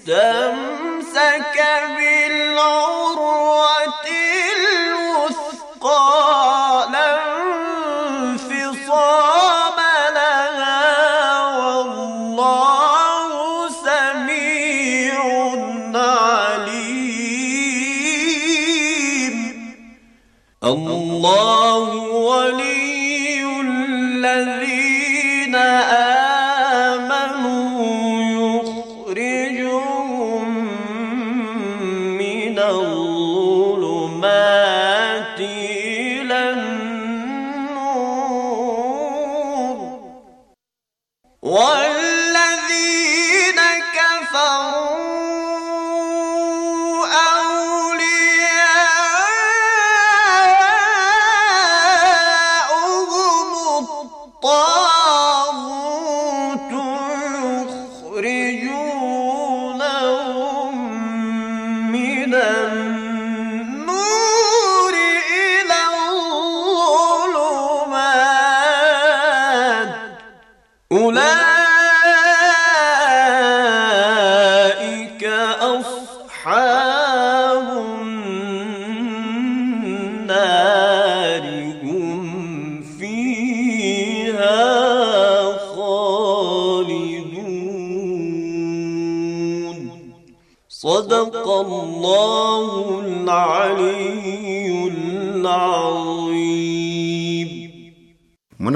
استمسك بالعروة الوثقى لا انفصام لها والله سميع عليم الله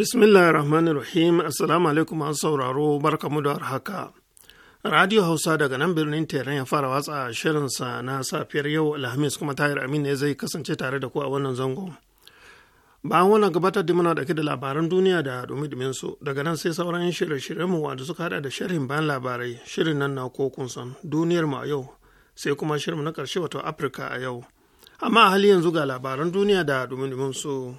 Bismillahi rahmani rahim assalamu alaikum masu sauraro barkamu da haka. Radio Hausa daga nan birnin Teran ya fara watsa shirinsa na safiyar yau Alhamis kuma Tahir Amin ne zai kasance tare da ku a wannan zango. Bayan wani gabatar da muna dauke da labaran duniya da dumi su daga nan sai sauran shirye mu wanda suka hada da sharhin bayan labarai shirin nan na ko kun san duniyar mu a yau sai kuma shirin na karshe wato Afirka a yau. Amma a hali yanzu ga labaran duniya da dumi su.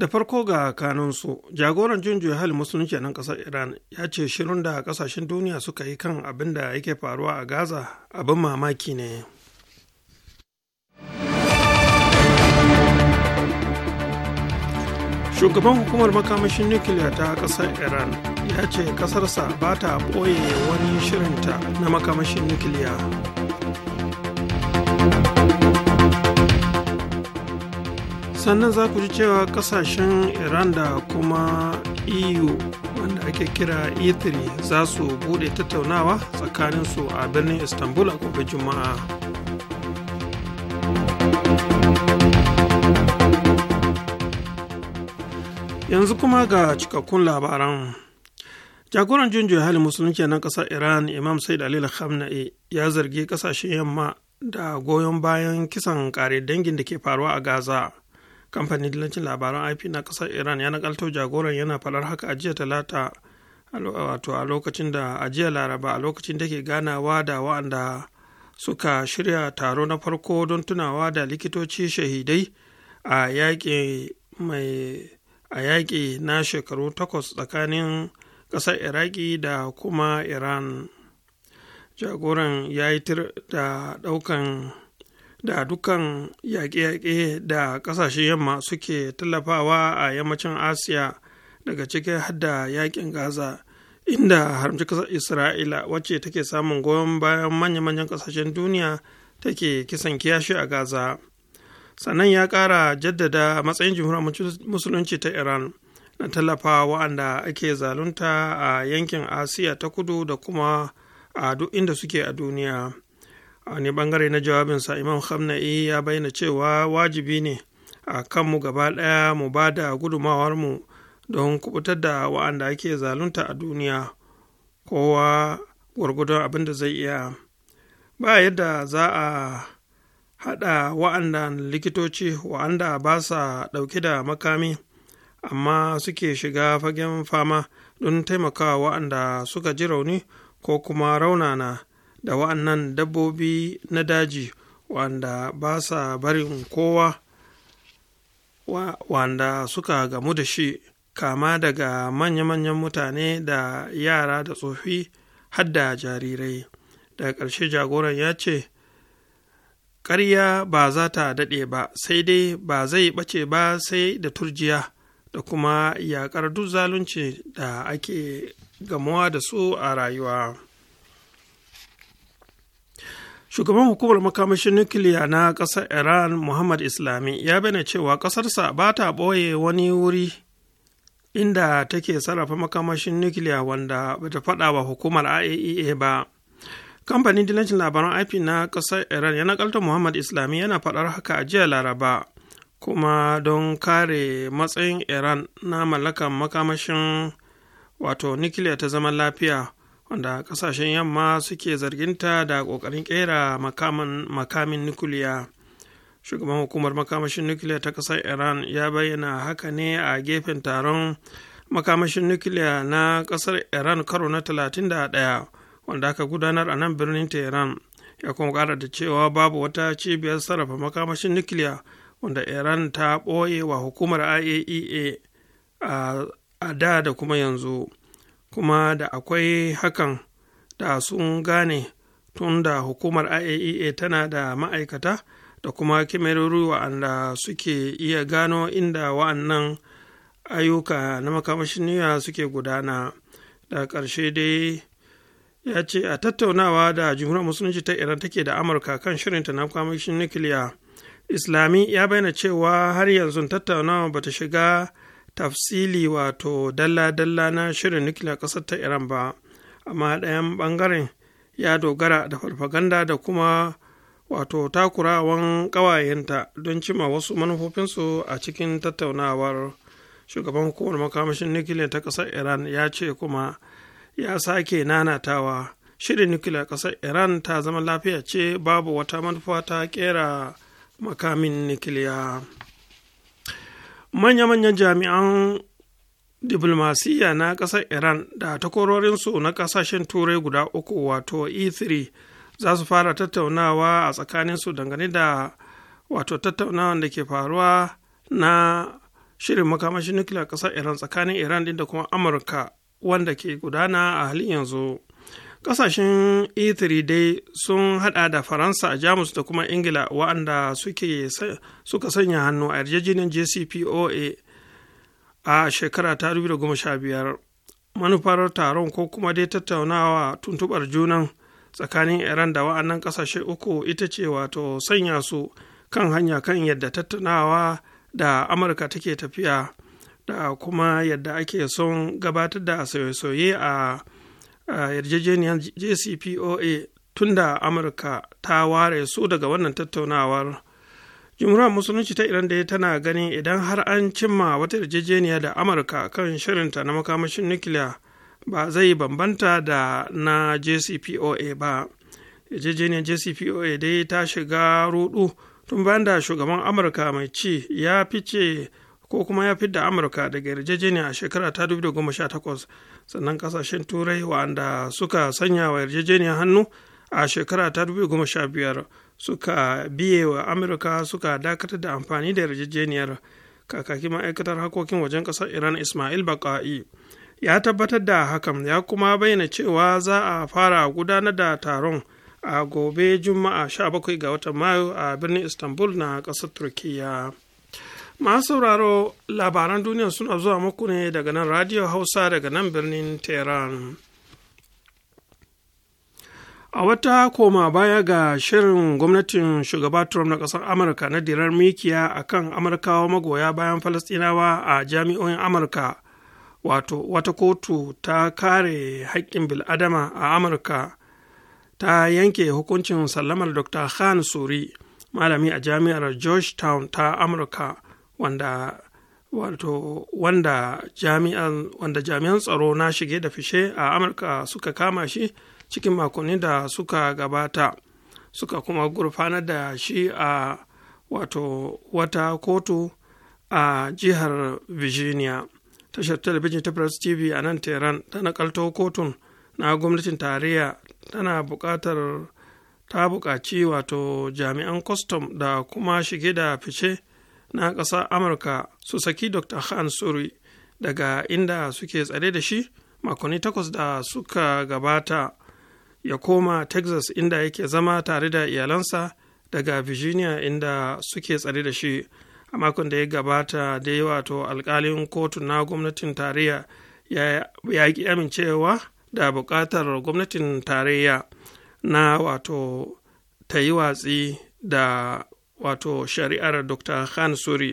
da farko ga kanunsu jagoran junjiyar hali musulunci nan kasar iran ya ce shirin da kasashen duniya suka yi kan abin da yake faruwa a gaza abin mamaki ne shugaban hukumar makamashin nukiliya ta kasar iran ya ce kasarsa ba ta ɓoye wani shirinta na makamashin nukiliya sannan za ku ji cewa kasashen iran da kuma eu wanda ake kira e3 za su bude tattaunawa tsakaninsu a birnin istanbul a gobe juma'a yanzu kuma ga cikakkun labaran jagoran junjo hali musulunci na ƙasar iran imam said alil khamna'i ya zargi kasashen yamma da goyon bayan kisan kare dangin da ke faruwa a gaza kamfanin dillancin labaran ip na kasar iran ya nakalto jagoran yana faɗar haka a jiya talata wato a lokacin da a jiya laraba a lokacin da ke ganawa da wa'anda suka shirya taro na farko don tunawa da likitoci shahidai a yaƙi mai a yaƙi na shekaru takwas tsakanin ƙasar iraki da kuma iran jagoran ya yi tir da ɗaukan da dukkan yaƙe-yaƙe da ƙasashen yamma suke tallafawa a yammacin asiya daga cikin hadda yaƙin gaza inda haramci ƙasar isra'ila wacce take samun goyon bayan manya-manyan ƙasashen duniya take kisan kiyashi a gaza sannan ya ƙara jaddada matsayin jimhuriyar musulunci ta iran na tallafa wa'anda ake zalunta a yankin asiya ta kudu da kuma a duk inda suke a duniya a wani bangare na jawabinsa imam hamna'i ya bayyana cewa wajibi ne a kanmu gaba ɗaya mu ba da mu don kubutar da wa'anda ake zalunta a duniya kowa gwargwadon abin da zai iya ba yadda za a haɗa wa'anda likitoci wa'anda ba sa ɗauke da makami amma suke shiga fagen fama don taimakawa wa'anda suka ji rauni ko kuma raunana da wa'annan dabbobi na daji wanda ba sa barin kowa wanda suka gamu da shi kama daga manya-manyan mutane da yara da tsofi da jarirai daga ƙarshe jagoran ya ce ƙarya ba za ta daɗe ba sai dai ba zai ɓace ba sai da turjiya da kuma yaƙar duk zalunci da ake gamuwa da su a rayuwa. shugaban hukumar makamashin nukiliya na ƙasar iran muhammad islami ya bayyana cewa ƙasarsa ba ta ɓoye wani wuri inda take sarrafa makamashin nukiliya wanda bata ta faɗa wa hukumar iaea e ba kamfanin dilancin labaran ip na ƙasar iran ya nakalta muhammad islami yana faɗar haka a jiya laraba kuma don kare matsayin iran na mallakan makamashin wato nukiliya ta zaman lafiya wanda kasashen yamma suke zarginta da ƙoƙarin kera makamin nukiliya shugaban hukumar makamashin nukiliya ta ƙasar iran ya bayyana haka ne a gefen taron makamashin nukiliya na ƙasar iran karo na 31 wanda aka gudanar a nan birnin tehran ya kuma ƙara da cewa babu wata cibiyar sarrafa makamashin nukiliya wanda iran ta ɓoye wa hukumar iaea e a da da kuma yanzu kuma da akwai hakan da sun gane tun da hukumar iaea e tana da ma'aikata da kuma kimerori wa'anda suke iya gano inda wa'annan ayyuka na makamashin niyya suke gudana da ƙarshe dai ya ce a tattaunawa da jihunan musulunci ta iran take da amurka kan shirinta na makamashin nukiliya islami ya bayyana cewa har yanzu tattaunawa bata shiga tafsili wato dalla-dalla na shirin nukiliyar ƙasar ta iran ba amma ɗayan ɓangaren ya dogara da farfaganda da kuma wato takurawan ƙawayenta don cima wasu manufofinsu a cikin tattaunawar shugaban hukumar makamashin nukiliya ta ƙasar iran ya ce kuma ya sake nanatawa shirin nukiliyar ƙasar iran ta zama lafiya ce babu wata manufa ta ƙera makamin nukiliya. manya-manyan jami'an diplomasiyya na ƙasar iran da takwarorinsu na ƙasashen turai guda uku wato e3 za su fara tattaunawa a tsakaninsu dangane da wato tattaunawa da ke faruwa na shirin makamashin nukiliyar ƙasar iran tsakanin iran da kuma amurka wanda ke gudana a halin yanzu Ƙasashen E3 dai sun hada da Faransa, a Jamus da kuma Ingila waɗanda suka sanya hannu a yarjejeniyar JCPOA a shekara ta 2015. Manufar taron ko kuma dai tattaunawa tuntubar junan tsakanin Iran da wa'annan ƙasashe uku ita ce wato sanya su kan hanya kan yadda tattaunawa da Amurka take tafiya da kuma yadda ake son gabatar da sauye-sauye a. yarjejeniyar jcpoa tunda amurka ta ware su daga wannan tattaunawar jumhuriyar musulunci ta iran dai tana ganin idan har an cimma wata yarjejeniya da amurka kan shirinta na makamashin nukiliya ba zai bambanta da na jcpoa ba yarjejeniyar jcpoa dai ta shiga rudu tun bayan da shugaban amurka mai ci ya fice ko kuma ya fidda amurka daga yarjejeniya a shekara ta 2018 sannan kasashen turai wanda suka sanya wa yarjejeniyar hannu a shekara ta 2015 suka biye wa amurka suka dakatar da amfani da yarjejeniyar kakaki ma'aikatar harkokin wajen ƙasar iran ismail baka'i ya tabbatar da hakan ya kuma bayyana cewa za a fara gudanar da taron a gobe juma'a 17 ga watan mayu a birnin istanbul na ƙasar turkiyya masu sauraro labaran duniya suna zuwa muku ne daga nan radio hausa daga nan birnin tehran a wata koma baya ga shirin gwamnatin shugaba trump na ƙasar amurka na dirar mikiya a kan amurkawa magoya bayan falastinawa a jami'o'in amurka wato wata kotu ta kare haƙƙin bil'adama a amurka ta yanke hukuncin sallamar dr khan suri malami a jami'ar georgetown ta amurka wanda wato wanda jami'an wanda jami'an tsaro na shige da fishe a amurka suka kama shi cikin makonni da suka gabata suka kuma gurfanar da shi a wato wata kotu a jihar virginia tashar talabijin ta press tv a nan tehran ta nakalto kotun na gwamnatin tarayya tana buƙatar ta buƙaci wato jami'an kwastam da kuma shige da fice na ƙasar amurka su saki dr han suri daga inda suke tsare da shi makonni takwas da suka gabata ya koma texas inda yake zama tare da iyalansa daga virginia inda suke tsare da shi a makon da ya gabata dai wato alkalin kotu na gwamnatin tarayya ya ki amincewa da buƙatar gwamnatin tarayya na wato ta yi watsi da wato shari'ar dr khan suri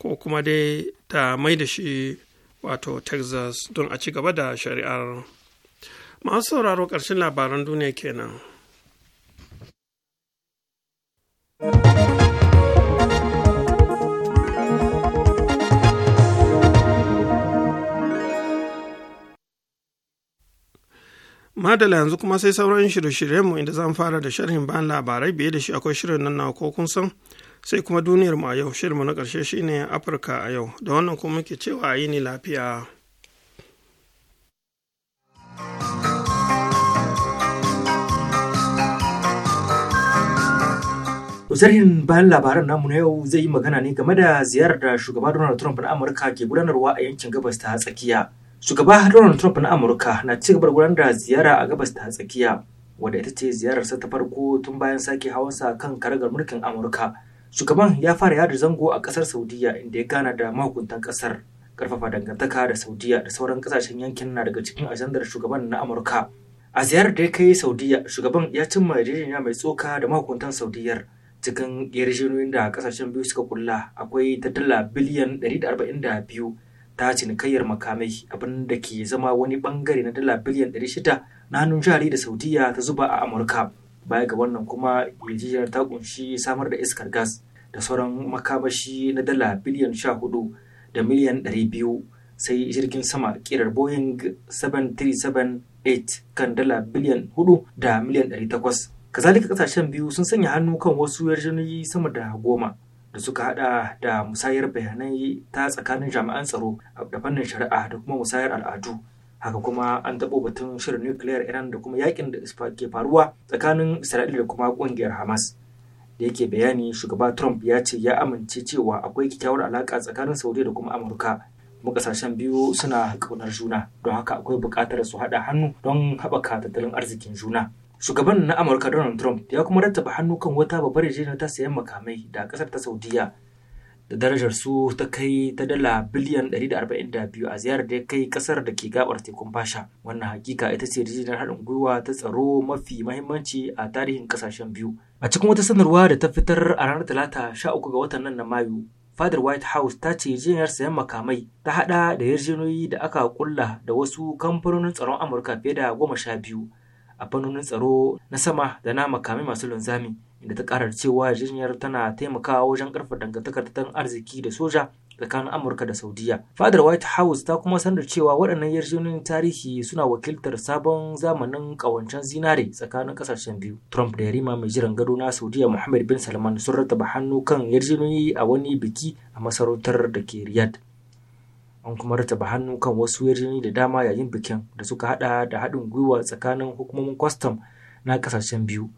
ko kuma dai ta mai da shi wato texas don a ci gaba da shari'ar masu sauraro ƙarshen labaran duniya kenan. madala yanzu kuma sai sauran shirye-shiryenmu inda zan fara da sharhin bayan labarai biye da shi akwai shirin nan na ko kun san sai kuma duniyar mu a yau shirinmu na ƙarshe shine afirka a yau da wannan kuma muke cewa yi ni lafiya sharhin bayan labaran namu na yau zai yi magana ne game da ziyarar da shugaba Donald Trump na Amurka ke gudanarwa a yankin gabas ta tsakiya. Shugaba Donald Trump na Amurka na ci gaba gudanar da ziyara a gabas ta tsakiya wadda ita ce ziyararsa ta farko tun bayan sake hawansa kan karagar mulkin Amurka. Shugaban ya fara yada zango a kasar Saudiya inda ya gana da mahukuntan kasar. Karfafa dangantaka da Saudiya da sauran kasashen yankin na daga cikin ajandar shugaban na Amurka. A ziyarar da ya kai Saudiya, shugaban ya cimma yarjejeniya mai tsoka da mahukuntan Saudiyar. Cikin yarjejeniyoyin da kasashen biyu suka kula akwai ta dala biliyan 142 ta cinikayyar makamai abin da ke zama wani bangare na dala biliyan 600 na hannun jari da saudiya ta zuba a amurka baya ga wannan kuma yarjejeniyar ta kunshi samar da iskar gas da sauran makamashi na dala biliyan 14 da miliyan 200 sai jirgin sama kirar boeing 737 kan dala biliyan 4 da miliyan 800 kazalika kasashen biyu sun sanya hannu kan wasu yarjejeniyoyi sama da goma da suka hada da musayar bayanai ta tsakanin jami'an tsaro da fannin shari'a da kuma musayar al'adu haka kuma an taɓo batun shirin nukiliyar iran da kuma yakin da ke faruwa tsakanin isra'ila da kuma ƙungiyar hamas da yake bayani shugaba trump ya ce ya amince cewa akwai kyakkyawar alaka tsakanin saudi da kuma amurka kuma kasashen biyu suna ƙaunar juna don haka akwai buƙatar su haɗa hannu don haɓaka tattalin arzikin juna shugaban na amurka donald trump ya kuma rattaba hannu kan wata babbar yarjejeniyar ta sayan makamai da kasar ta saudiya da darajar su ta kai ta dala biliyan 142 a ziyarar da ya kai kasar da ke gabar tekun fasha wannan hakika ita ce yarjejeniyar haɗin gwiwa ta tsaro mafi mahimmanci a tarihin kasashen biyu a cikin wata sanarwa da ta fitar a ranar talata 13 ga watan nan na mayu fadar white house ta ce yarjejeniyar sayan makamai ta haɗa da yarjejeniyoyi da aka kulla da wasu kamfanonin tsaron amurka fiye da goma sha biyu a fannonin tsaro na sama da na makamai masu linzami inda ta karar cewa yarjejeniyar tana taimakawa wajen karfa dangantakar tattalin arziki da soja tsakanin amurka da saudiya fadar white house ta kuma sanar cewa waɗannan yarjejeniyoyin tarihi suna wakiltar sabon zamanin ƙawancen zinare tsakanin ƙasashen biyu trump da yarima mai jiran gado na saudiya muhammad bin salman sun rattaba hannu kan yarjejeniyoyi a wani biki a masarautar da ke riyadh an kuma rataba hannu kan wasu yarjejeni da dama yayin bikin da suka hada da haɗin gwiwa tsakanin hukumomin kwastam na kasashen biyu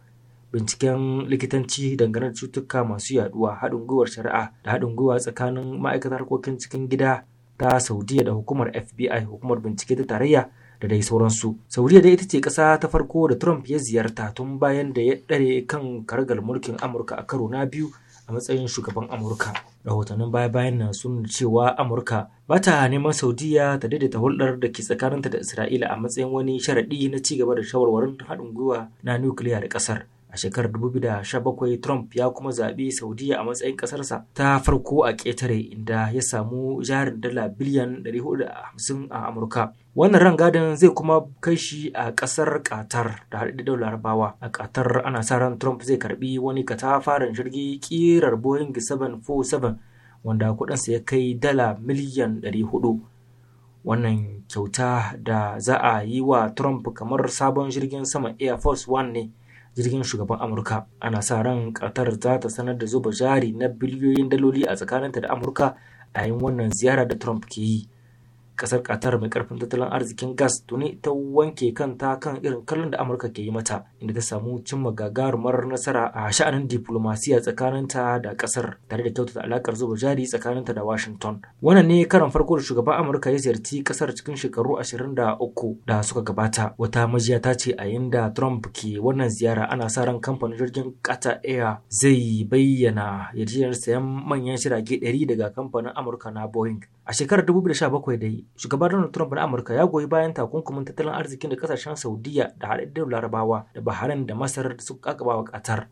binciken likitanci dangane da cututtuka masu yaduwa haɗin gwiwar shari'a da haɗin gwiwa tsakanin ma'aikatar harkokin cikin gida ta saudiya da hukumar fbi hukumar bincike ta tarayya da dai sauransu saudiya dai ita ce ƙasa ta farko da trump ya ziyarta tun bayan da ya ɗare kan kargal mulkin amurka a karo na biyu a matsayin shugaban amurka rahotannin baya-bayan nan sun cewa amurka ba ta neman saudiya ta daidaita hulɗar da ke tsakaninta da isra'ila a matsayin wani sharaɗi na ci gaba da shawarwarin haɗin gwiwa na nukiliya da ƙasar a shekarar 2017 trump ya kuma zaɓi saudiya a matsayin ƙasarsa ta farko a ƙetare inda ya samu jarin dala biliyan 450 a amurka wannan rangadin zai kuma kai shi a ƙasar qatar da da larabawa a qatar ana sa ran trump zai karbi wani katafaren jirgi ƙirar boeing 747 wanda kuɗinsa ya kai dala miliyan 400 wannan kyauta da za a yi wa trump kamar sabon jirgin sama air force one ne jirgin shugaban amurka ana sa ran qatar za ta sanar da zuba jari na biliyoyin daloli a tsakaninta da amurka a yin wannan ziyara da trump ke yi kasar qatar mai karfin tattalin arzikin gas tuni ta wanke kanta kan irin kallon da amurka ke yi mata inda ta samu cimma gagarumar nasara a sha'anin diplomasiya tsakaninta da kasar tare da kyautata alakar zuba jari tsakaninta da washington wannan ne karan farko da shugaban amurka ya ziyarci kasar cikin shekaru ashirin da uku da suka gabata wata majiya ta ce a yinda trump ke wannan ziyara ana sa ran kamfanin jirgin qatar air zai bayyana yarjejeniyar sayan manyan shirage 100 daga kamfanin amurka na boeing A shekarar 2017 dai, shugaban Donald Trump na Amurka ya goyi bayan takunkumin tattalin arzikin da kasashen Saudiyya da haɗaɗɗen Larabawa da Bahrain da Masar da suka kakaba wa Qatar,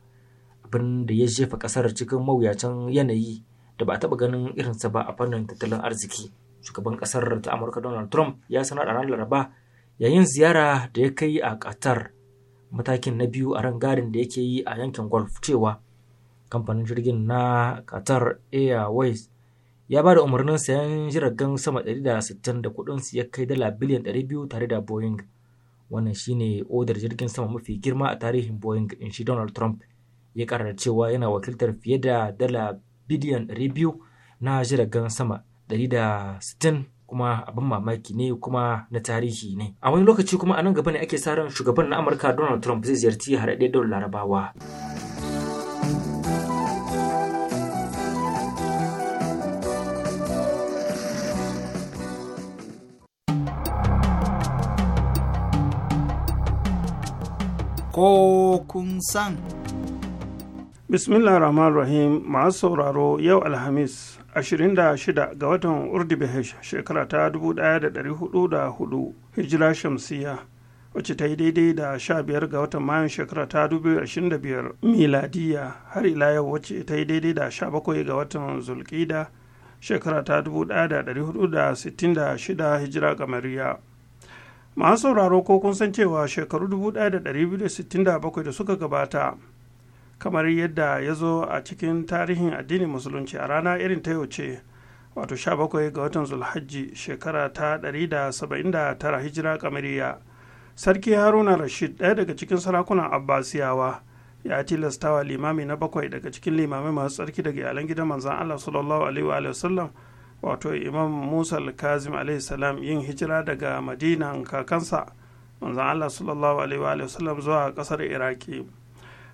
abin da ya jefa ƙasar cikin mawuyacin yanayi da ba a taɓa ganin irinsa ba a fannin tattalin arziki. Shugaban ƙasar ta Amurka Donald Trump ya sanar a ranar Laraba yayin ziyara da ya kai a Qatar matakin na biyu a rangadin da yake yi a yankin Gulf cewa kamfanin jirgin na Qatar Airways ya ba da umarnin sayan jiragen sama 160 da kudin su ya kai dala biliyan 200 tare da boeing wannan shine odar jirgin sama mafi girma a tarihin boeing in shi donald trump ya karar cewa yana wakiltar fiye da dala biliyan 200 na jiragen sama 160 kuma abin mamaki ne kuma na tarihi ne a wani lokaci kuma a nan gaba ne ake sa ran shugaban na amurka donald trump zai ziyarci haraɗe larabawa. larabawa ko kun san. Bismillah Rahman Rahim masu sauraro yau Alhamis 26 ga watan Urdubihesh shekara ta 1404 Hijira Shamsiya wacce ta yi daidai da 15 ga watan Mayun shekara ta 2025 miladiya har ila yau wacce ta yi daidai da 17 ga watan Zulkida shekara ta 1466 Hijira Gamariya. masu sauraro ko kun san cewa shekaru 1267 da suka gabata kamar yadda ya zo a cikin tarihin addinin musulunci a rana irin ta yauce wato 17 ga watan zulhaji shekara ta 179 hijira kamariya sarki haruna rashid ɗaya daga cikin sarakunan abbasiyawa ya tilastawa limami na bakwai daga cikin limamai masu tsarki daga yalan gidan manzan allah sallallahu alaihi wa sallam wato imam musa kazim salam yin hijira daga madina kakansa manzan allah sallallahu alaihi wa sallam zuwa kasar iraki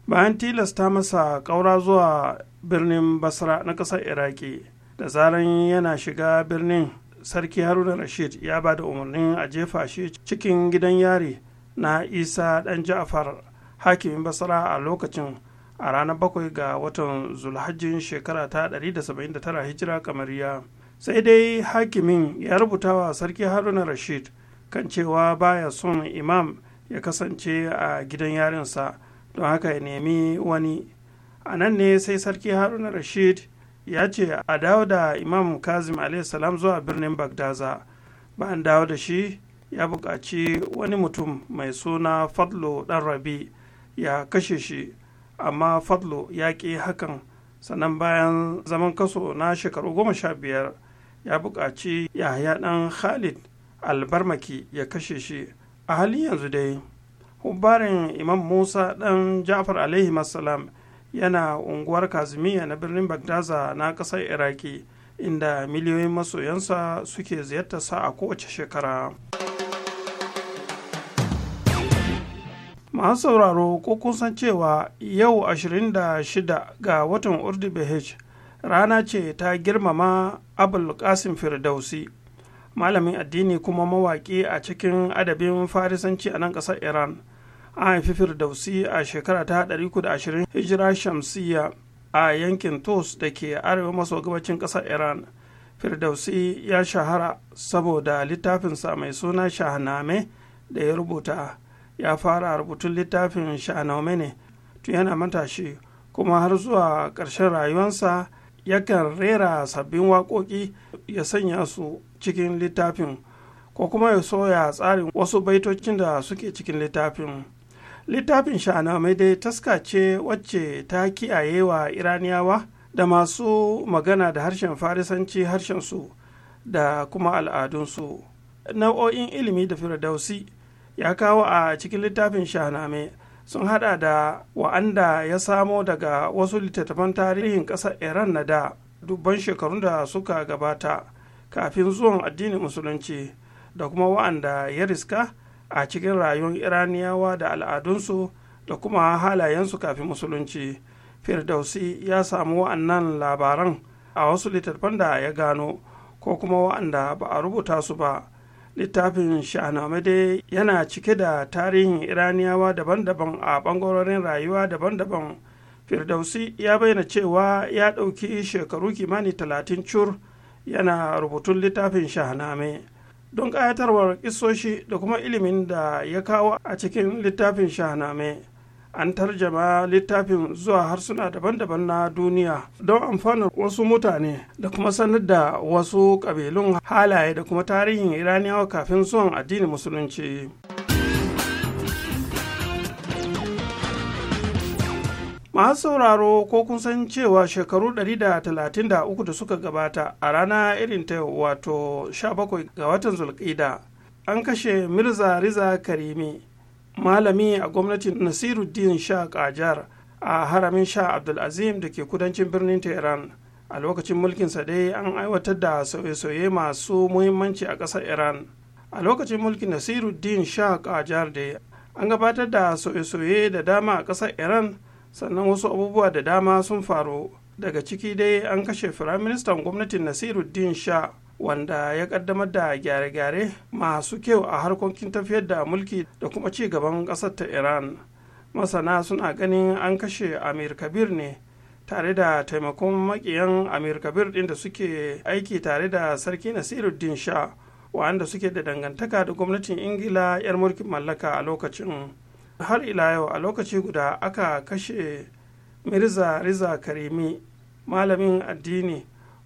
bayan tilasta masa ƙaura zuwa birnin basra na kasar iraki da zaran yana shiga birnin sarki haruna rashid ya ba da umarnin a jefa shi cikin gidan yari na isa dan ja'far hakimin basra a lokacin a ranar bakwai ga watan zulhajjin shekara ta 179 hijira kamariya sai dai hakimin ya rubuta wa sarki haruna rashid kan cewa baya son imam ya kasance a gidan yarinsa don haka ya nemi wani a nan ne sai sarki haruna rashid ya ce a dawo da imam kazim salam zuwa birnin bagdaza bayan dawo da shi ya buƙaci wani mutum mai suna fadlo ɗan rabi ya kashe shi amma fadlo ya ƙi hakan sannan bayan zaman kaso na shekaru goma sha biyar ya buƙaci yahaya ɗan khalid albarmaki ya kashe shi a halin yanzu dai hubbarin imam musa ɗan jafar alaihi yana unguwar kazimiya na birnin bagdaza na ƙasar iraki inda miliyoyin masoyansa suke ziyartarsa a kowace shekara masu sauraro ko kun san cewa yau 26 ga watan bh rana ce ta girmama abul firdausi malamin addini kuma mawaƙi a cikin adabin farisanci a nan ƙasar iran an haifi firdausi a shekara ta 320 hijira shamsiya a yankin tos da ke arewa maso gabacin ƙasar iran firdausi ya shahara saboda littafinsa mai suna shahname da ya rubuta ya fara rubutun littafin shahaname ne tun yana matashi kuma har zuwa ƙarshen rayuwarsa yakan rera sabbin waƙoƙi ya sanya su cikin littafin ko kuma ya soya tsarin wasu baitocin da suke cikin littafin littafin mai dai taska ce wacce ta kiyaye wa iraniyawa da masu magana da harshen farisanci harshen su da kuma al'adunsu nau'o'in ilimi da firdausi ya kawo a cikin littafin mai. sun hada da wa'anda ya samo daga wasu littattafan tarihin ƙasar iran na da dubban shekarun da suka gabata kafin zuwan addinin musulunci da kuma wa'anda ya riska a cikin rayuwar iraniyawa da al'adunsu da kuma halayensu kafin musulunci firdausi ya samu wa'annan labaran a wasu littattafan da ya gano ko kuma wa'anda ba a rubuta su ba littafin sha'aname dai yana cike da tarihin iraniyawa daban-daban a ɓangarorin rayuwa daban-daban firdausi ya bayyana cewa ya ɗauki shekaru kimanin talatin cur yana rubutun littafin shahname don ƙayatarwar isoshi da kuma ilimin da ya kawo a cikin littafin shahname an tarjama littafin zuwa harsuna daban-daban na duniya don amfanar wasu mutane da kuma sanar da wasu ƙabilun halaye da kuma tarihin iraniyawa kafin zuwan addinin musulunci masu sauraro ko kun san cewa shekaru 133 da suka gabata a rana irin ta wato 17 ga watan zulkida an kashe mirza riza karimi malami a gwamnatin nasiruddin sha kajar a haramin sha abdulazim da ke kudancin birnin tehran a lokacin mulkinsa dai an aiwatar da sauye-sauye masu muhimmanci a ƙasar iran a lokacin mulkin nasiruddin sha kajar dai an gabatar da sauye-sauye da dama a ƙasar iran sannan wasu abubuwa da dama sun faru daga ciki dai an kashe firaministan gwamnatin nasiruddin sha wanda ya kaddamar da gyare-gyare masu kyau a harkokin tafiyar da mulki da kuma ci gaban ƙasar ta iran masana suna ganin an kashe amir kabir ne tare da taimakon makiyan amir kabir ɗin da suke aiki tare da sarki nasiruddin sha wanda suke da dangantaka da gwamnatin ingila 'yar mulkin mallaka a lokacin har ila yau a lokaci guda aka kashe mirza riza karimi malamin addini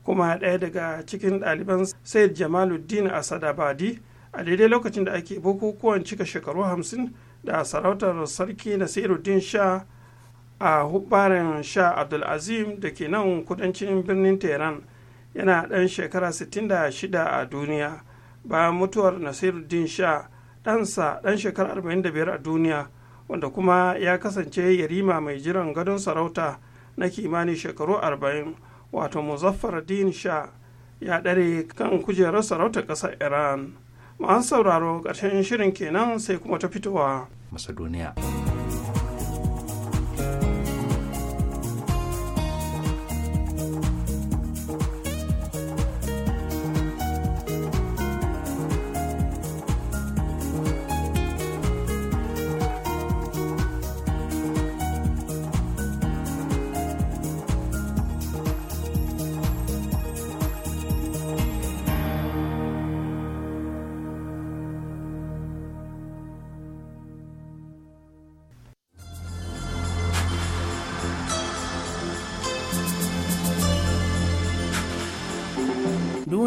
kuma ɗaya daga cikin ɗaliban said jamaluddin sadabadi a daidai lokacin da ake bukukuwan cika shekaru hamsin da sarautar sarki nasiruddin sha a hubbaren sha abdulazim da ke nan kudancin birnin tehran yana ɗan shekara 66 a duniya bayan mutuwar nasiruddin sha ɗansa ɗan shekara 45 a duniya wanda kuma ya kasance yarima mai jiran gadon sarauta na kimanin shekaru 40 wato muzaffar din sha ya ɗare kan kujerar sarautar ƙasar iran masu sauraro ƙarshen shirin kenan sai kuma ta fitowa macedonia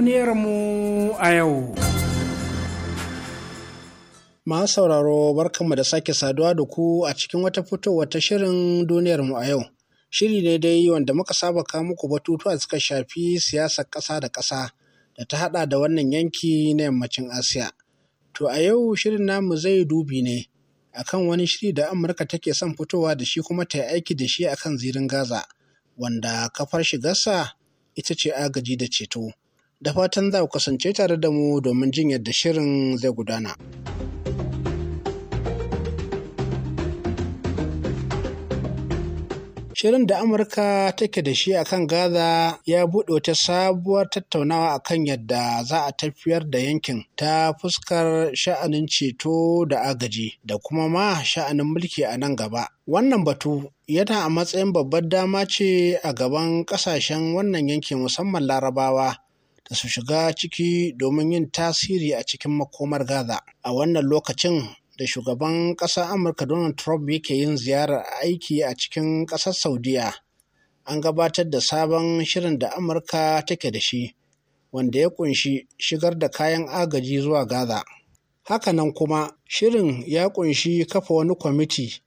Mu a yau. Masu sauraro barkanmu da sake saduwa da ku a cikin wata fitowa ta shirin mu a yau. Shiri ne dai wanda muka saba kawo muku batutuwa suka shafi siyasar ƙasa da ƙasa da ta haɗa da wannan yanki na yammacin Asiya. To a yau shirin namu zai dubi ne akan wani shiri da Amurka take son fitowa da shi kuma ta aiki da shi akan zirin Gaza, wanda kafar shigarsa ita ce agaji da ceto. da fatan za ku kasance tare da mu domin jin yadda shirin zai gudana. Shirin da Amurka take da shi a kan Gaza ya buɗe wata sabuwar tattaunawa a kan yadda za a tafiyar da yankin ta fuskar sha'anin ceto da agaji da kuma ma sha'anin mulki a nan gaba. Wannan batu yana a matsayin babbar dama ce a gaban ƙasashen wannan yankin musamman larabawa da su shiga ciki domin yin tasiri a cikin makomar Gaza. A wannan lokacin da shugaban ƙasar Amurka Donald Trump yake yin ziyarar aiki a cikin ƙasar Saudiya, an gabatar da sabon shirin da Amurka take da shi, wanda ya ƙunshi shigar da kayan agaji zuwa Gaza. Hakanan kuma shirin ya ƙunshi kafa wani kwamiti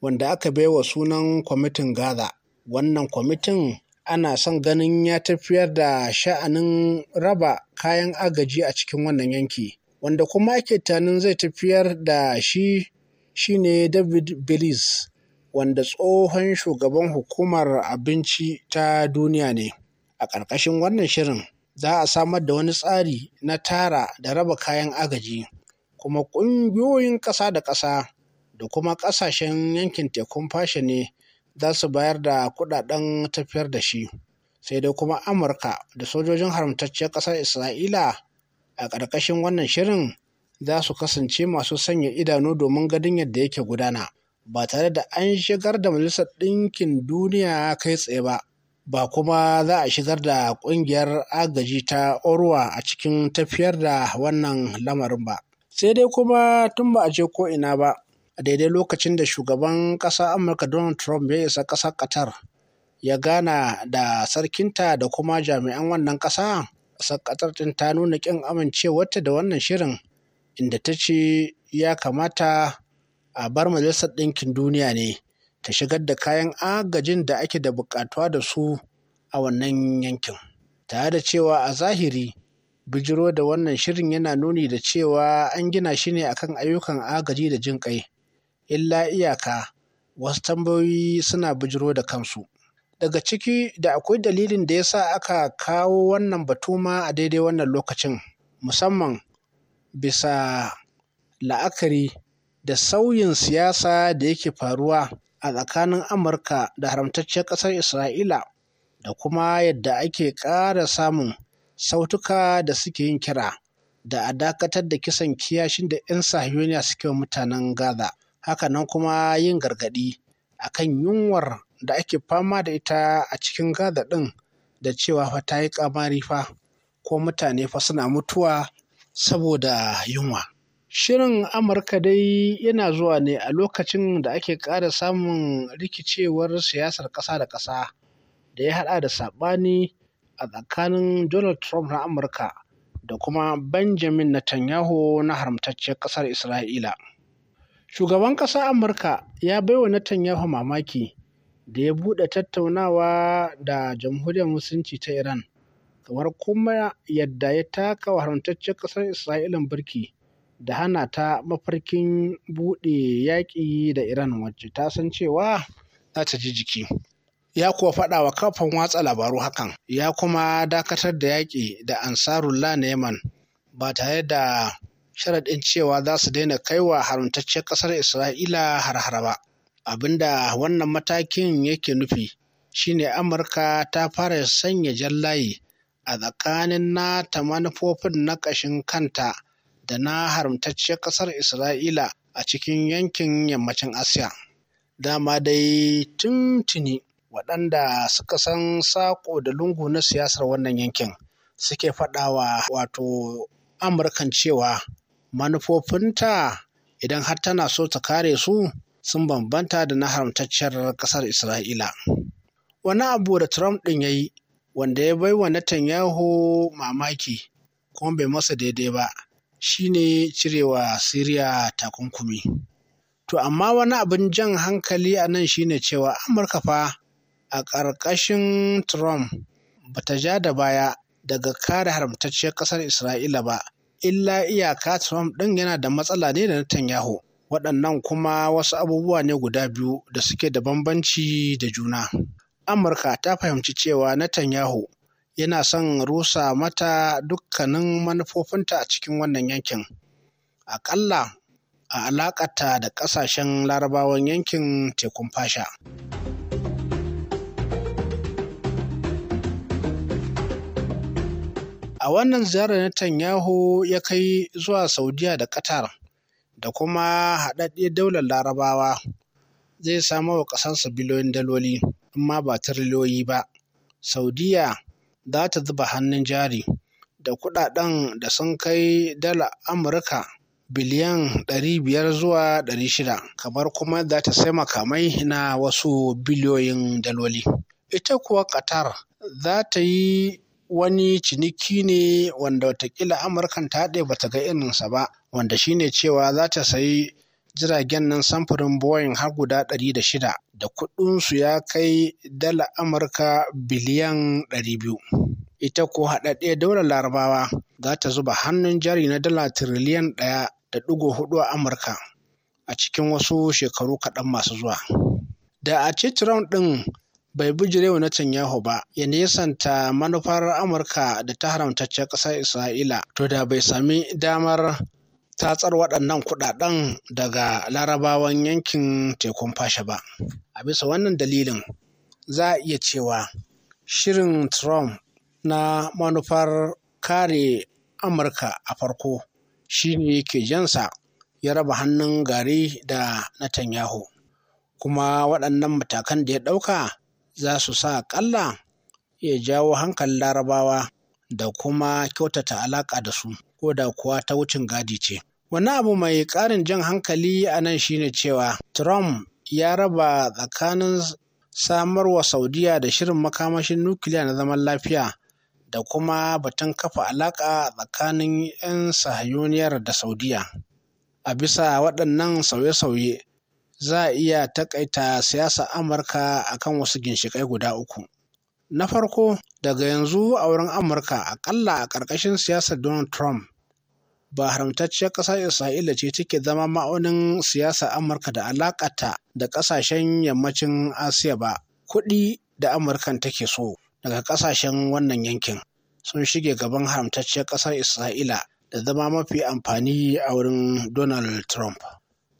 wanda aka baiwa sunan kwamitin Gaza. Wannan kwamitin ana son ganin ya tafiyar da sha'anin raba kayan agaji a cikin wannan yanki wanda kuma ake tunanin zai tafiyar da shi shine david belize wanda tsohon shugaban hukumar abinci ta duniya ne a ƙarƙashin wannan shirin za a samar da wani tsari na tara da raba kayan agaji kuma ƙungiyoyin ƙasa da ƙasa da kuma ƙasashen yankin tekun fashe ne za su bayar da kudaden tafiyar da shi sai dai kuma amurka da sojojin haramtacciyar ƙasar isra'ila a ƙarƙashin wannan shirin za su kasance masu sanya idanu domin gadin yadda yake gudana ba tare da an shigar da majalisar ɗinkin duniya kai tsaye ba ba kuma za a shigar da ƙungiyar agaji ta orwa a cikin tafiyar da wannan lamarin ba sai dai kuma tun ba a je ko ina ba daidai lokacin da shugaban ƙasa amurka donald trump ya isa ƙasar qatar ya gana da sarkinta da kuma jami'an wannan ƙasa ƙasar qatar ɗin ta nuna ƙin amincewarta da wannan shirin inda ta ce ya kamata a bar majalisar ɗinkin duniya ne ta shigar da kayan agajin da ake da buƙatuwa da su a wannan yankin tare da cewa a zahiri bijiro da wannan shirin yana nuni da cewa an gina shi ne akan ayyukan agaji da jin ƙai illa iyaka wasu tambayoyi suna bijiro da kansu. Daga ciki da akwai dalilin da ya sa aka kawo wannan batu a daidai wannan lokacin, musamman bisa la'akari da sauyin siyasa da yake faruwa a tsakanin Amurka da haramtacciyar ƙasar Isra'ila da kuma yadda ake ƙara samun sautuka da suke yin kira da a dakatar da kisan kiyashin da 'yan sahiyoniya suke wa mutanen Gaza. hakanan kuma yin gargaɗi a kan yunwar da ake fama da ita a cikin Gaza ɗin da cewa fa ta yi ƙamari fa ko mutane fa suna mutuwa saboda yunwa. Shirin Amurka dai yana zuwa ne a lokacin da ake ƙara samun rikicewar siyasar ƙasa da ƙasa da ya haɗa da saɓani a tsakanin Donald Trump na Amurka da kuma Benjamin Netanyahu na haramtacciyar ƙasar Isra'ila. Shugaban ƙasa Amurka ya baiwa Netanyahu mamaki da ya buɗe tattaunawa da Jamhuriyar Musulunci ta Iran, kamar kuma yadda ya taka wa ƙasar Isra'ilan birki da hana ta mafarkin buɗe yaƙi da Iran wacce ta san cewa za ta ji jiki. Ya kuwa faɗa wa kafan watsa labaru hakan, ya kuma dakatar da yaƙi da Ansarullah yaman ba tare da sharaɗin cewa za su daina kaiwa haramtacciyar ƙasar Isra'ila har ba. Abinda wannan matakin yake nufi shine Amurka ta fara sanya jan layi a tsakanin na ta manufofin na ƙashin kanta da na haramtacciyar ƙasar Isra'ila a cikin yankin yammacin Asiya. Dama dai tuntuni waɗanda suka san saƙo da lungu na siyasar wannan yankin suke faɗawa wato Amurkan cewa manufofinta idan har tana so ta kare su sun bambanta da na haramtacciyar ƙasar Isra'ila. Wani abu da Trump ɗin ya yi wanda ya bai wa Netanyahu mamaki kuma bai masa daidai ba shine cirewa Siriya takunkumi. To amma wani abin jan hankali a nan shine cewa Amurka fa a ƙarƙashin Trump bata ja da baya daga kare haramtacciyar ƙasar Isra'ila ba illa iyaka Trump ɗin yana da matsala ne da Netanyahu. Waɗannan kuma wasu abubuwa ne guda biyu da suke da bambanci da juna. Amurka ta fahimci cewa Netanyahu yana son rusa mata dukkanin manufofinta a cikin wannan yankin. Aƙalla a alaƙata da ƙasashen larabawan yankin tekun fasha. A wannan ziyarar Netanyahu ya kai zuwa Saudiya da Qatar da kuma haɗaɗɗe daular Larabawa zai samar wa ƙasarsa biliyoyin daloli, amma ba tiriliyoyi ba. Saudiya za ta zuba hannun jari da kuɗaɗen da sun kai dala Amurka biliyan 500 zuwa 600, kamar kuma za ta sai makamai na wasu biliyoyin daloli. Ita kuwa Qatar za ta yi wani ciniki ne wanda watakila amurkan ta haɗe ba ta ga irinsa ba wanda shine cewa za ta sayi jiragen nan samfurin boeing har guda ɗari da shida da kuɗinsu ya kai dala amurka biliyan ɗari biyu ita ko haɗaɗɗe daular larabawa za ta zuba hannun jari na dala tiriliyan ɗaya da ɗigo hudu a amurka a cikin wasu shekaru kaɗan masu zuwa da a ce Trump ɗin bai wa Netanyahu ba ya nisanta manufar Amurka da ta haramtacce ƙasar Isra'ila to da bai sami damar tatsar waɗannan kuɗaɗen daga larabawan yankin tekun fasha ba. A bisa wannan dalilin za a iya cewa shirin Trump na manufar kare Amurka a farko shi ne ke jansa ya raba hannun gari da Netanyahu. Kuma waɗannan matakan da ya ɗauka za su sa ƙalla ya jawo hankalin larabawa da kuma kyautata alaƙa da su ko da kuwa ta wucin gadi ce. Wani abu mai ƙarin jan hankali a nan shine cewa Trump ya raba tsakanin samarwa Saudiya da shirin makamashin nukiliya na zaman lafiya da kuma batun kafa alaƙa tsakanin 'yan sahayoniyar da Saudiya. A bisa waɗannan sauye-sauye za a iya takaita siyasa Amurka a kan wasu ginshiƙai guda uku. Na farko, daga yanzu a wurin Amurka akalla a ƙarƙashin siyasar Donald Trump ba haramtacciyar ƙasar Isra'ila ce take zama ma'aunin siyasar Amurka da alaƙata da ƙasashen yammacin Asiya ba, kuɗi da Amurkan take so daga ƙasashen wannan yankin sun shige gaban haramtacciyar ƙasar Isra'ila da zama mafi amfani a wurin Donald Trump.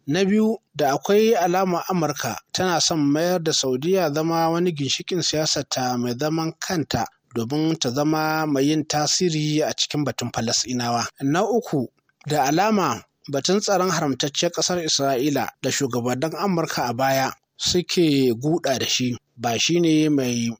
Na biyu, da akwai alama Amurka tana son mayar da Saudiya zama wani ginshikin siyasarta mai zaman kanta domin ta zama mai yin tasiri a cikin batun Falasɗinawa. Na uku, da alama batun tsaron haramtacciyar ƙasar Isra'ila da shugabannin Amurka a baya suke guda da shi ba shi ne mai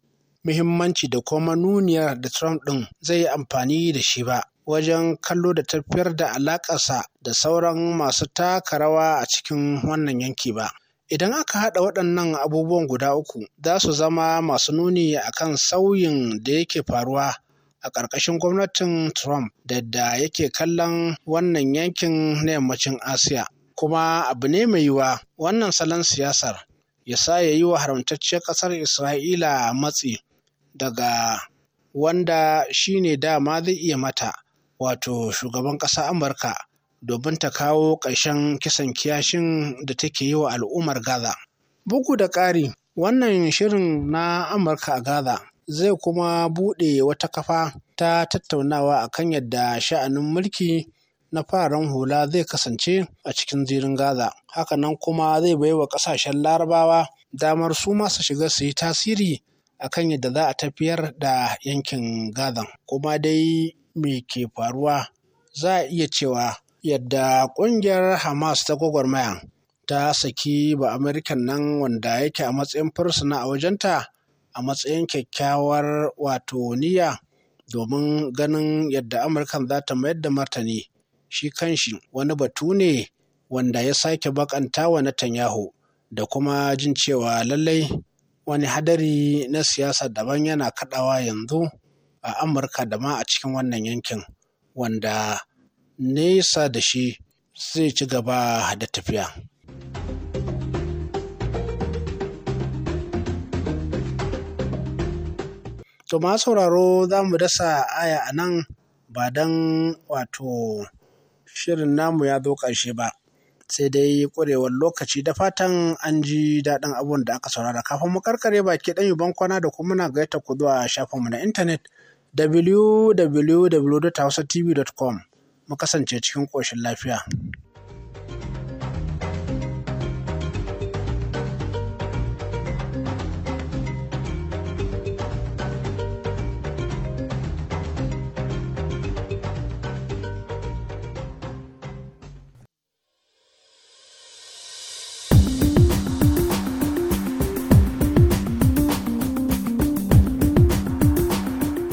muhimmanci da kuma nuniyar da Trump ɗin zai yi amfani da shi ba wajen kallo da tafiyar da alaƙarsa da sauran masu taka rawa a cikin wannan yanki ba. Idan aka haɗa waɗannan abubuwan guda uku za su zama masu nuni a kan sauyin da yake faruwa a ƙarƙashin gwamnatin Trump da da yake kallon wannan yankin na yammacin Asiya. Kuma abu ne mai yiwa wannan salon siyasar ya sa ya yi wa haramtacciyar ƙasar Isra'ila matsi daga wanda shi ne dama zai iya mata wato shugaban ƙasa amurka domin ta kawo ƙarshen kisan kiyashin da take yi wa al'ummar gaza bugu da ƙari wannan shirin na amurka a gaza zai kuma buɗe wata kafa ta tattaunawa akan yadda sha'anin mulki na fararen hula zai kasance a cikin zirin Gaza. Hakanan kuma zai bai wa ƙasashen larabawa damar su masu shiga su yi tasiri a kan yadda za a tafiyar da yankin Gaza. Kuma dai me ke faruwa za a iya cewa yadda ƙungiyar Hamas ta gwagwarmaya ta saki ba Amerikan nan wanda yake a matsayin fursuna a wajenta a matsayin kyakkyawar wato niyya domin ganin yadda Amurkan za ta mayar da martani shi kanshi wani batu ne wanda ya sake bakanta wa Netanyahu da kuma jin cewa lallai wani hadari na siyasa daban yana kaɗawa yanzu a Amurka da ma a cikin wannan yankin wanda nesa da shi zai ci gaba da tafiya. To ma sauraro za mu dasa aya a nan ba don wato shirin namu ya zo ƙarshe ba. sai dai kwarewar lokaci da fatan an ji daɗin abun da aka saurara kafin mu karkare baki ɗan yi bankwana da kuma muna gaita ku zuwa shafinmu na intanet www.hausatv.com mu kasance cikin ƙoshin lafiya.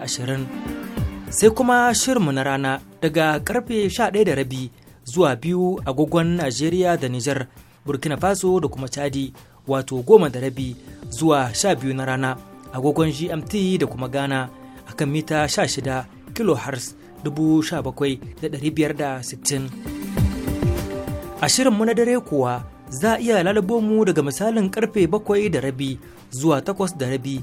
ashirin sai kuma shirmu na rana daga karfe 11:00 zuwa biyu agogon Najeriya da Nijar Burkina Faso da kuma Chadi wato goma da rabi zuwa 12:00 na rana agogon GMT da kuma Ghana akan mita 16 kHz 17,560 a shirinmu na dare kuwa za a iya lalabo mu daga misalin karfe bakwai da rabi zuwa takwas da rabi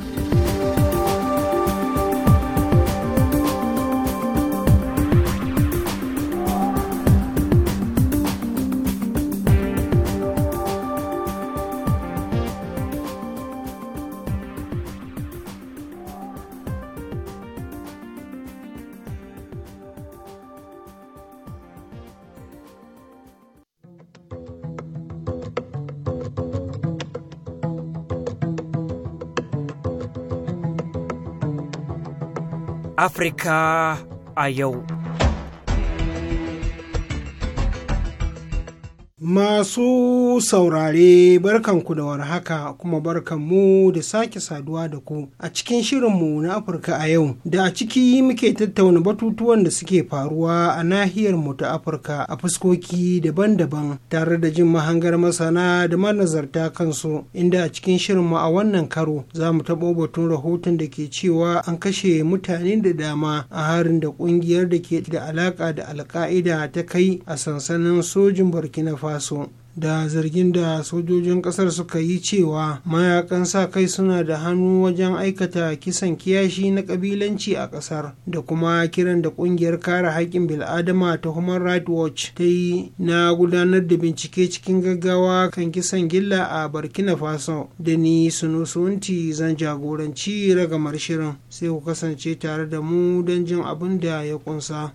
Afirka a yau. Masu saurare barkanku da warhaka kuma barkanmu da sake saduwa da ku a cikin shirinmu na Afirka a yau da a ciki muke tattauna batutuwan da suke faruwa a nahiyar mu ta Afirka a fuskoki daban-daban tare da jin mahangar masana da manazarta kansu inda a cikin shirinmu a wannan karo za mu taɓo batun rahoton da ke cewa an kashe mutane da dama a harin da ƙungiyar da ke da alaƙa da alƙa'ida ta kai a sansanin sojin Burkina Faso. da zargin da sojojin kasar suka yi cewa mayakan sa kai suna da hannu wajen aikata kisan kiyashi na kabilanci a kasar da kuma kiran da kungiyar kare haƙƙin bil'adama ta human rights watch ta yi na gudanar da bincike cikin gaggawa kan kisan gilla a burkina faso da ni sunusunti zan jagoranci ragamar shirin sai ku kasance tare da mu don jin abin da ya kunsa.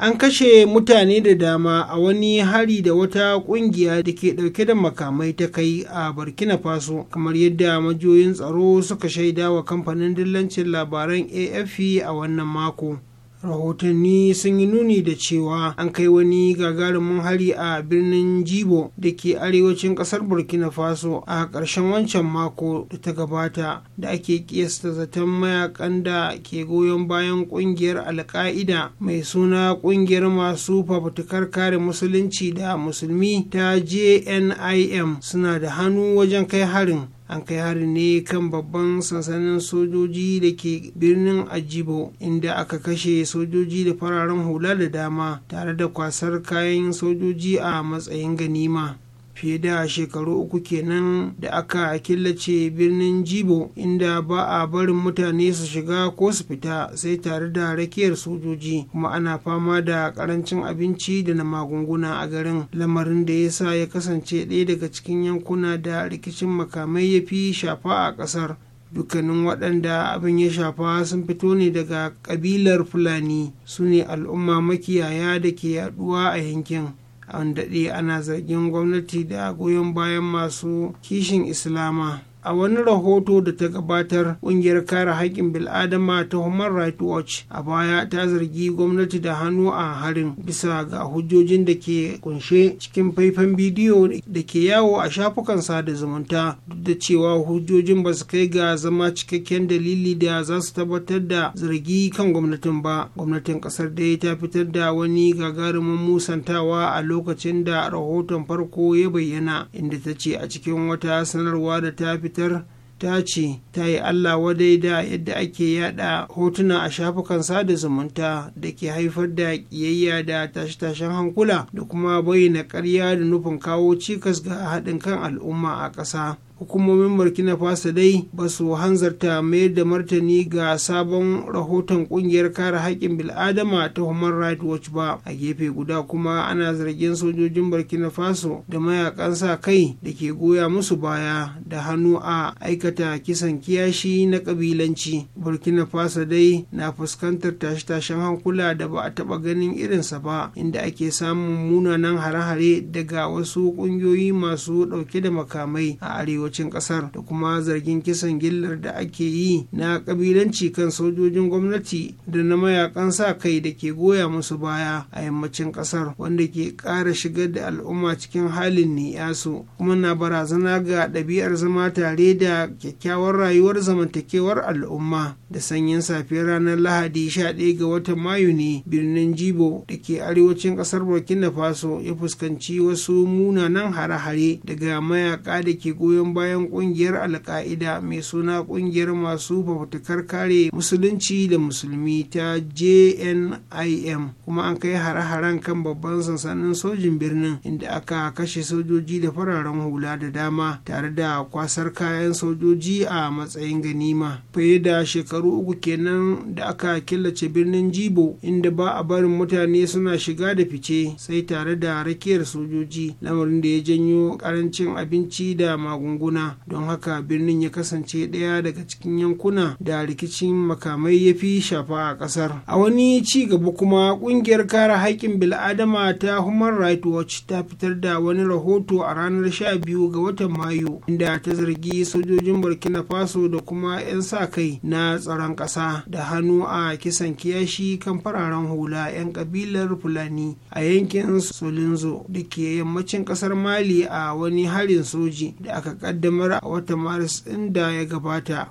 an kashe mutane da dama a wani hari da wata kungiya da ke dauke da makamai ta kai a burkina faso kamar yadda majiyoyin tsaro suka shaida wa kamfanin dillancin labaran afp a wannan mako rahotanni sun yi nuni da cewa an kai wani gagarumin hari a birnin jibo da ke arewacin kasar burkina faso a ƙarshen wancan mako da ta gabata da ake kiyasta zaton mayakan da ke goyon bayan ƙungiyar alka'ida mai suna ƙungiyar masu fafutukar kare musulunci da musulmi ta jnim suna da hannu wajen kai harin an kai hari ne kan babban sansanin sojoji da ke birnin ajibo inda aka kashe sojoji da fararen hula da dama tare da kwasar kayan sojoji a matsayin ganima fiye da shekaru uku kenan da aka killace birnin jibo inda ba a barin mutane su shiga ko su fita sai tare da rakiyar sojoji kuma ana fama da karancin abinci da na magunguna a garin lamarin da ya sa ya kasance ɗaya daga cikin yankuna da rikicin makamai ya fi shafa a ƙasar dukkanin waɗanda abin ya shafa sun fito ne daga ƙabilar fulani su ne al'umma makiyaya da ke yaɗuwa a yankin an daɗe ana zargin gwamnati da goyon bayan masu kishin islama a wani rahoto da ta gabatar ƙungiyar kare haƙƙin bil'adama ta human rights watch a baya ta zargi gwamnati da hannu a harin bisa ga hujjojin da ke kunshe cikin faifan bidiyo da ke yawo a shafukan sa da zumunta duk da cewa hujjojin ba su kai ga zama cikakken dalili da za su tabbatar da zargi kan gwamnatin ba gwamnatin kasar dai ta fitar da wani gagarumin musantawa a lokacin da rahoton farko ya bayyana inda ta ce a cikin wata sanarwa da ta fitar fitar ta ce ta yi Allah wadai da yadda ake yada hotuna a shafukan sada zumunta da ke haifar da kiyayya da tashe-tashen hankula da kuma bayyana karya da nufin kawo cikas ga haɗin kan al'umma a ƙasa. hukumomin burkina faso dai ba su hanzarta mayar da martani ga sabon rahoton kungiyar kare haƙƙin bil'adama ta human rights watch ba a gefe guda kuma ana zargin sojojin burkina faso da mayakan sa kai da ke goya musu baya da hannu a aikata kisan kiyashi na ƙabilanci burkina faso dai na fuskantar tashe-tashen hankula da ba a taɓa ganin irinsa ba inda ake samun munanan hare-hare daga wasu ƙungiyoyi masu ɗauke da makamai a arewa arewacin kasar da kuma zargin kisan gillar da ake yi na kabilanci kan sojojin gwamnati da na mayakan sa kai da ke goya musu baya a yammacin kasar wanda ke ƙara shigar da al'umma cikin halin ni'yasu kuma na barazana ga ɗabi'ar zama tare da kyakkyawar rayuwar zamantakewar al'umma da sanyin safiyar ranar lahadi 11 ga watan mayu ne birnin jibo da ke arewacin kasar burkina faso ya fuskanci wasu munanan hare-hare daga mayaka da ke goyon bayan kungiyar alka'ida mai suna kungiyar masu fafutukar kare musulunci da musulmi ta jnim kuma an kai hare-haren kan babban sansanin sojin birnin inda aka kashe sojoji da fararen hula da dama tare da kwasar kayan sojoji a matsayin ganima fiye da shekaru uku kenan da aka killace birnin jibo inda ba a barin mutane suna shiga da fice sai tare da rakiyar sojoji lamarin da ya janyo karancin abinci da magunguna yankuna don haka birnin ya kasance ɗaya daga cikin yankuna da rikicin makamai ya fi shafa a ƙasar a wani ci gaba kuma ƙungiyar kare haƙƙin bil'adama ta human rights watch ta fitar da wani rahoto a ranar 12 ga watan mayu inda ta zargi sojojin burkina faso da kuma 'yan sa kai na tsaron ƙasa da hannu a kisan kiyashi kan fararen hula 'yan kabilar fulani a yankin solinzo da ke yammacin ƙasar mali a wani harin soji da aka kaddamar a wata maris ɗin da ya gabata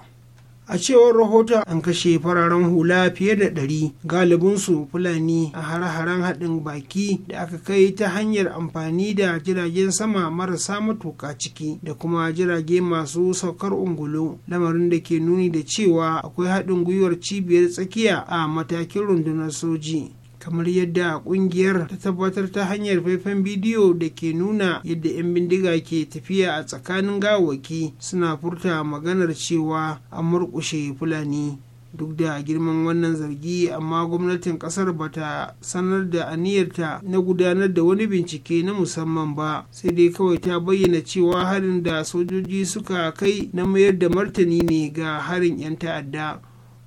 a cewar rahoton an kashe fararen hula fiye da ɗari galibinsu fulani a hare-haren haɗin baki da aka kai ta hanyar amfani da jiragen sama marasa matuƙa ciki da kuma jirage masu saukar ungulu lamarin da ke nuni da cewa akwai haɗin gwiwar cibiyar tsakiya a matakin rundunar soji kamar yadda kungiyar ta tabbatar ta hanyar faifan bidiyo da ke nuna yadda 'yan bindiga ke tafiya a tsakanin gawaki suna furta maganar cewa an murkushe fulani duk da girman wannan zargi amma gwamnatin kasar bata sanar da aniyarta na gudanar da wani bincike na musamman ba sai dai kawai ta bayyana cewa harin da sojoji suka kai na mayar da martani ne ga harin 'yan ta'adda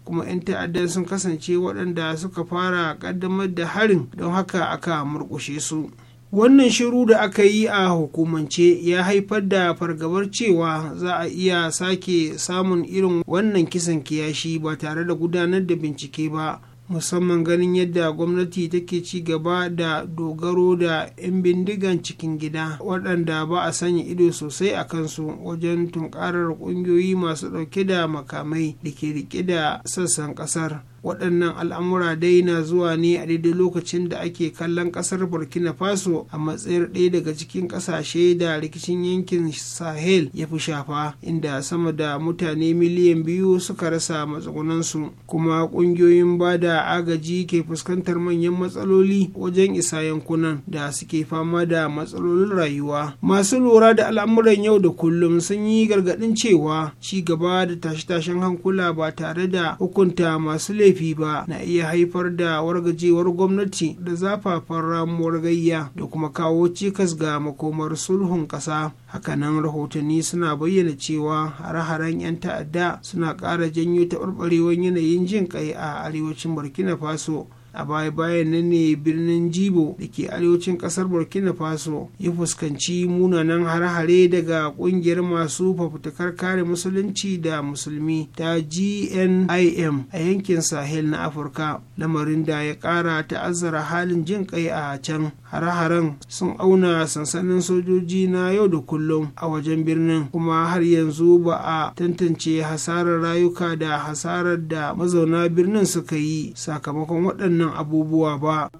kuma 'yan ta'addan sun kasance waɗanda suka fara ƙaddamar da harin don haka aka murƙushe su wannan shiru da aka yi a hukumance ya haifar da fargabar cewa za a iya sake samun irin wannan kisan kiyashi ba tare da gudanar da bincike ba musamman ganin yadda gwamnati take ci gaba da dogaro da 'yan bindigan cikin gida waɗanda ba a sanya ido sosai a kansu wajen tunkarar ƙungiyoyi masu ɗauke da makamai da ke riƙe da sassan ƙasar waɗannan al'amura dai na zuwa ne a daidai lokacin da ake kallon ƙasar burkina faso a matsayar ɗaya daga cikin ƙasashe da rikicin yankin sahel ya fi shafa inda sama da mutane miliyan biyu suka rasa matsugunansu kuma ƙungiyoyin ba da agaji ke fuskantar manyan matsaloli wajen isa yankunan da suke fama da matsalolin rayuwa masu lura da al'amuran yau da kullum sun yi gargaɗin cewa ci gaba da tashe-tashen hankula ba tare da hukunta masu laifi laifi ba na iya haifar da wargajewar gwamnati da zafafan ramuwar gayya da kuma kawo cikas ga makomar sulhun ƙasa hakanan rahotanni suna bayyana cewa hare-haren 'yan ta'adda suna ƙara janyo taɓarɓarewar yanayin jin ƙai a arewacin burkina faso a baya bayan nan ne birnin jibo da ke arewacin kasar burkina faso ya fuskanci munanan hare-hare daga kungiyar masu fafutukar kare musulunci da musulmi ta gnim a yankin sahel na afirka lamarin da ya kara ta'azzara halin jin kai a can hare-haren sun auna sansanin sojoji na yau da kullum a wajen birnin kuma har yanzu ba a tantance hasarar rayuka da hasarar da mazauna birnin suka yi sakamakon waɗannan waɗannan abubuwa ba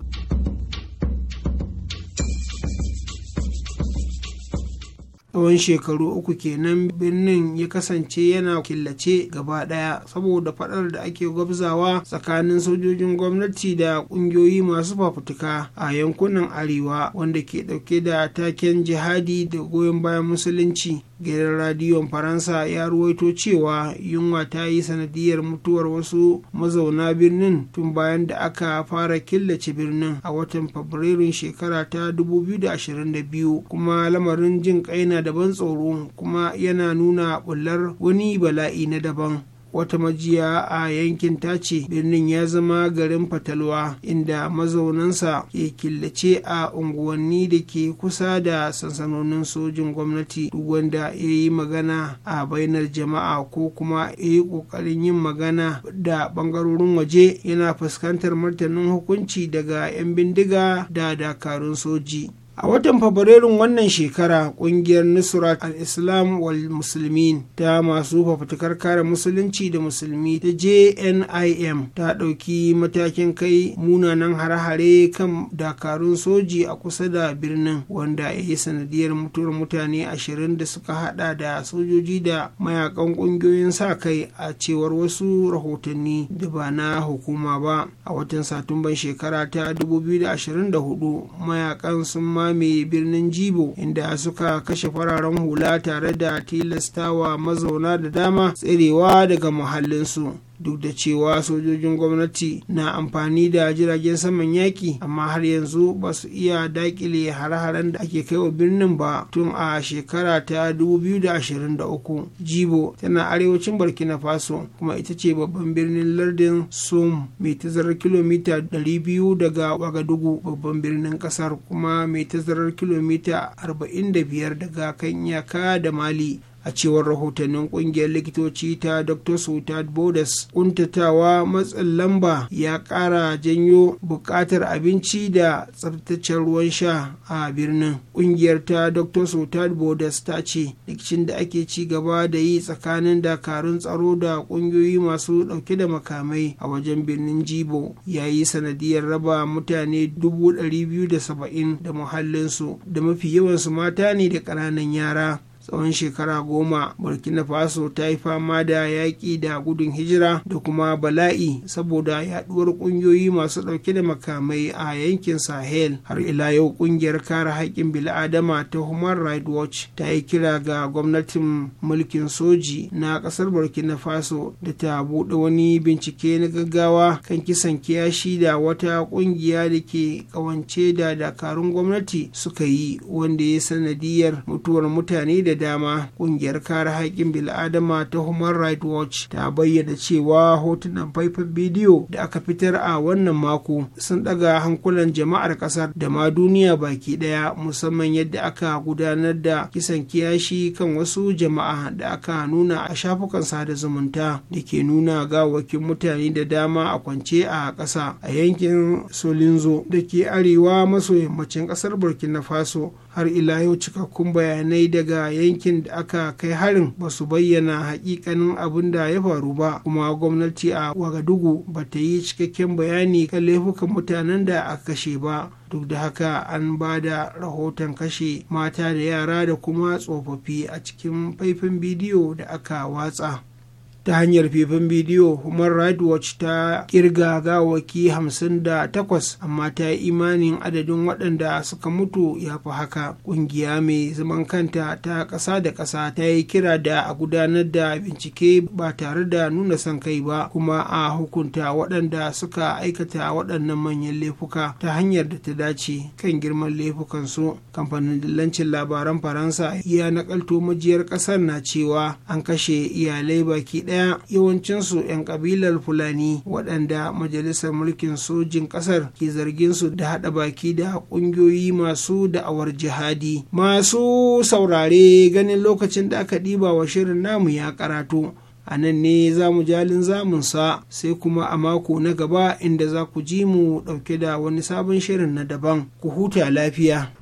tsawon shekaru uku kenan birnin ya kasance yana killace gaba daya saboda faɗar da ake gwabzawa tsakanin sojojin gwamnati da ƙungiyoyi masu fafutuka a yankunan arewa wanda ke ɗauke da taken jihadi da goyon bayan musulunci gidan radiyon faransa ya ruwaito cewa yunwa ta yi sanadiyar mutuwar wasu mazauna birnin tun bayan da aka fara killace birnin a watan fabrairun shekara ta 2022 kuma lamarin jin kai na daban tsoro kuma yana nuna bullar wani bala'i na daban wata majiya a yankin ta ce birnin ya zama garin fatalwa inda mazaunansa ke killace a unguwanni da ke kusa da sansanonin sojin gwamnati duk wanda ya yi magana a bainar jama'a ko kuma ya yi kokarin yin magana da bangarorin waje yana fuskantar martanin hukunci daga 'yan bindiga da dakarun soji a watan fabrairun wannan shekara ƙungiyar nusrat al-islam wal muslimin ta masu fafutukar kare musulunci da musulmi ta jnim ta ɗauki matakin kai munanan hare-hare kan dakarun soji a kusa da birnin wanda ya yi sanadiyar mutuwar mutane ashirin da suka hada da sojoji da mayakan ƙungiyoyin sa kai a cewar wasu rahotanni da ba na hukuma ba a watan satumban shekara ta 2024 mayakan sun ma Mai birnin jibo inda suka kashe fararen hula tare da tilastawa mazauna da dama tserewa daga muhallinsu duk da cewa sojojin gwamnati na amfani da jiragen saman yaki amma har yanzu ba su iya dakile hare-haren da ake kai wa birnin ba tun a shekara ta 2023 jibo tana arewacin burkina faso kuma ita ce babban birnin lardin som mai tazarar kilomita 200 daga wagadugu babban birnin kasar kuma mai tazarar kilomita 45 daga kan iyaka da mali a cewar rahotannin kungiyar likitoci ta dr sultan bodas kuntatawa matsin lamba ya kara janyo bukatar abinci da tsabtaccen ruwan sha a birnin kungiyar ta dr sultan bodas ta ce rikicin da ake ci gaba da yi tsakanin dakarun tsaro da kungiyoyi masu dauke da makamai a wajen birnin jibo ya yi sanadiyar raba mutane 270 da muhallinsu da mafi yawansu mata ne da ƙananan yara tsawon shekara goma burkina faso ta yi fama da yaƙi da gudun hijira da kuma bala'i saboda yaɗuwar ƙungiyoyi masu ɗauke da makamai a yankin sahel har ila yau ƙungiyar kare haƙƙin bil'adama ta human rights watch ta yi kira ga gwamnatin mulkin soji na ƙasar burkina faso da ta buɗe wani bincike na gaggawa kan kisan kiyashi da wata ƙungiya da ke ƙawance da dakarun gwamnati suka yi wanda ya sanadiyar mutuwar mutane da dama kungiyar kare haƙƙin bil'adama ta human rights watch ta bayyana cewa hotunan faifan bidiyo da aka fitar a wannan mako sun ɗaga hankulan jama'ar ƙasar da ma duniya baki ɗaya musamman yadda aka gudanar da kisan kiyashi kan wasu jama'a da aka nuna a shafukan sada zumunta da ke nuna gawakin mutane da dama a kwance a ƙasa a yankin solinzo da ke arewa maso yammacin ƙasar burkina faso har ila yau cikakkun bayanai daga yankin yankin da aka kai harin ba su bayyana hakikanin abin da ya faru ba kuma gwamnati a wagadugu ba ta yi cikakken bayani kan laifukan mutanen da aka kashe ba duk da haka an ba da rahoton kashe mata da yara da kuma tsofaffi a cikin faifin bidiyo da aka watsa ta hanyar faifan bidiyo human rights watch ta kirga gawaki 58 amma ta yi imanin adadin waɗanda suka mutu ya fi haka ƙungiya mai zaman kanta ta ƙasa da ƙasa ta yi kira da a gudanar da bincike ba tare da nuna son kai ba kuma a hukunta waɗanda suka aikata waɗannan manyan laifuka ta hanyar da ta dace kan girman laifukan su. kamfanin dillancin labaran faransa iya nakalto majiyar ƙasar na cewa an kashe iyalai baki ɗaya yawancinsu 'yan ƙabilar fulani waɗanda majalisar mulkin sojin ƙasar ke zargin su da haɗa baki da ƙungiyoyi masu da'awar jihadi masu saurare ganin lokacin da aka ɗiba wa shirin namu ya karatu a nan ne za mu jalin zamunsa sai kuma a mako na gaba inda za ku ji mu ɗauke da wani sabon shirin na daban ku huta lafiya